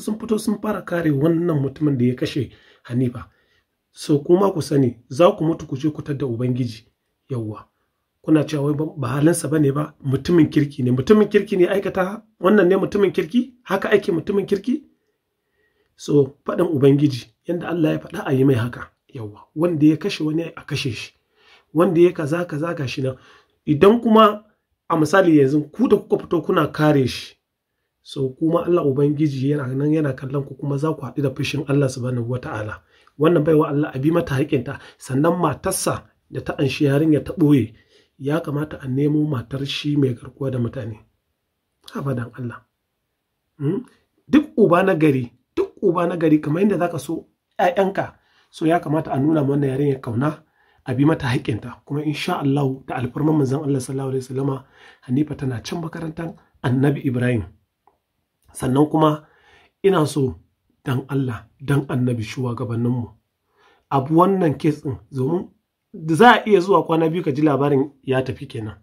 sun fito sun fara kare wannan mutumin da ya kashe Hanifa. So kuma ku sani za ku mutu ku je ku da Ubangiji yawwa. Kuna cewa wai ba halinsa bane ba mutumin kirki ne mutumin kirki ne aikata wannan ne mutumin kirki haka ake mutumin kirki so faɗin Ubangiji yadda Allah ya faɗa a yi mai haka yawwa wanda ya kashe wani a kashe shi wanda ya kaza kaza shi nan idan kuma a misali yanzu ku da kuka fito kuna kare shi so kuma Allah ubangiji yana nan yana kallon ku kuma za ku haɗu da fushin Allah subhanahu ta'ala wannan baiwa Allah abi mata haƙinta sannan matarsa da ta anshi yarinya ta ɓoye ya kamata a nemo matar shi mai garkuwa da mutane abadan Allah hmm? duk uba na gari duk uba na gari kamar yadda zaka so ƴaƴanka so ya kamata a nuna wannan yarinya kauna a bi mata haƙinta kuma insha Allah da alfarman manzon Allah sallallahu alaihi wasallama Hanifa tana can makarantar Annabi Ibrahim sannan kuma ina so dan Allah dan annabi shugabanninmu abu wannan kes ɗin da za a iya zuwa kwana biyu ka ji labarin ya tafi kenan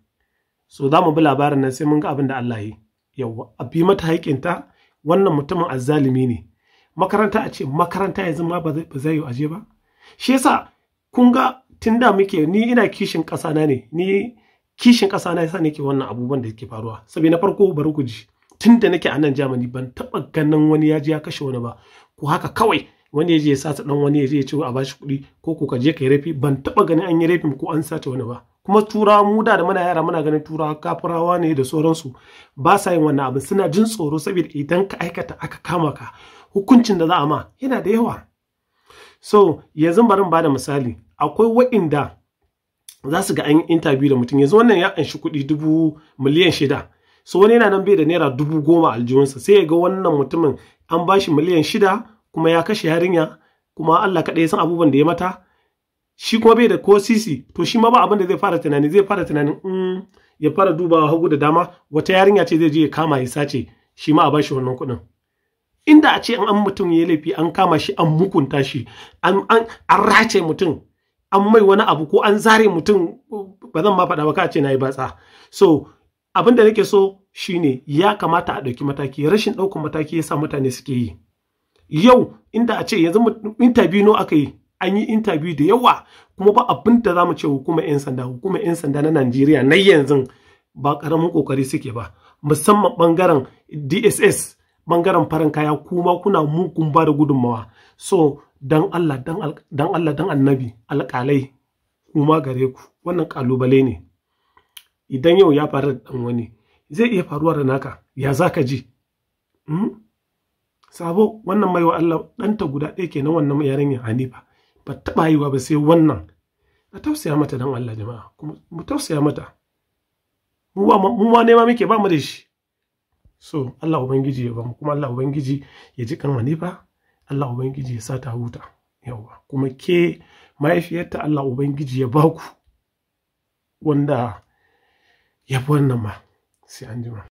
so za mu bi labarin nan sai mun ga abin da Allah yi yawa a bi mata haƙinta wannan mutumin azzalimi ne makaranta a ce makaranta yanzu ma ba zai yi aje ba shi yasa kun ga tun da muke ni ina kishin ƙasana ne ni kishin ƙasana yasa nake wannan abubuwan da yake faruwa sabi na farko bari ku ji tun da nake a nan jamani ban taɓa ganin wani ya je ya kashe wani ba ko haka kawai wani ya je ya sasa dan wani ya je ya ce a bashi kuɗi ko ko ka je ka yi rafi ban taɓa ganin an yi rafin ko an sace wani ba kuma turawa mu da muna yara muna ganin turawa kafirawa ne da sauransu ba sa yin wannan abin suna jin tsoro saboda idan ka aikata aka kama ka hukuncin da za a ma yana da yawa so yanzu bari ba da misali akwai wa'inda za su ga an yi interview da mutum yanzu wannan ya anshi kuɗi dubu miliyan shida so wani yana nan bai da naira dubu goma aljihunsa sai ya ga wannan mutumin an ba shi miliyan shida kuma ya kashe yarinya kuma Allah kaɗai san abubuwan da ya mata shi kuma bai da ko sisi to shi ma ba abin da zai fara tunani zai fara tunanin in mm, ya fara dubawa hagu da dama wata yarinya ce zai je ya kama ya sace shi ma a bashi wannan kuɗin inda a ce an mutum ya laifi an kama shi an mukunta shi an race mutum an mai wani abu ko an zare mutum ba zan ma faɗa ba ka ce na yi batsa so abin da nake so shine ya kamata a ɗauki mataki rashin ɗaukan mataki yasa mutane suke yi yau inda a ce yanzu interview no aka yi an yi interview da yawa kuma ba abin da za mu ce hukumar 'yan sanda hukumar 'yan sanda na Najeriya na yanzu ba karamin kokari suke ba musamman bangaren DSS bangaren farin kaya kuma kuna mugun ba da gudunmawa so dan Allah dan Allah dan annabi alƙalai kuma gare ku wannan kalubale ne idan yau ya faru da wani zai iya faruwa da naka ya za ka ji hmm? sabo wannan baiwa Allah ɗanta guda ɗaya ke na wannan yarinya Hanifa ba taɓa haihuwa ba sai wannan a tausaya mata don Allah jama'a kuma mu tausaya mata mu ma nema muke ba mu da shi so Allah ubangiji ya mu kuma Allah ubangiji ya ji kan Hanifa Allah ubangiji ya sa ta huta yawa kuma ke mahaifiyarta Allah ubangiji ya baku wanda ya ma sai anjima.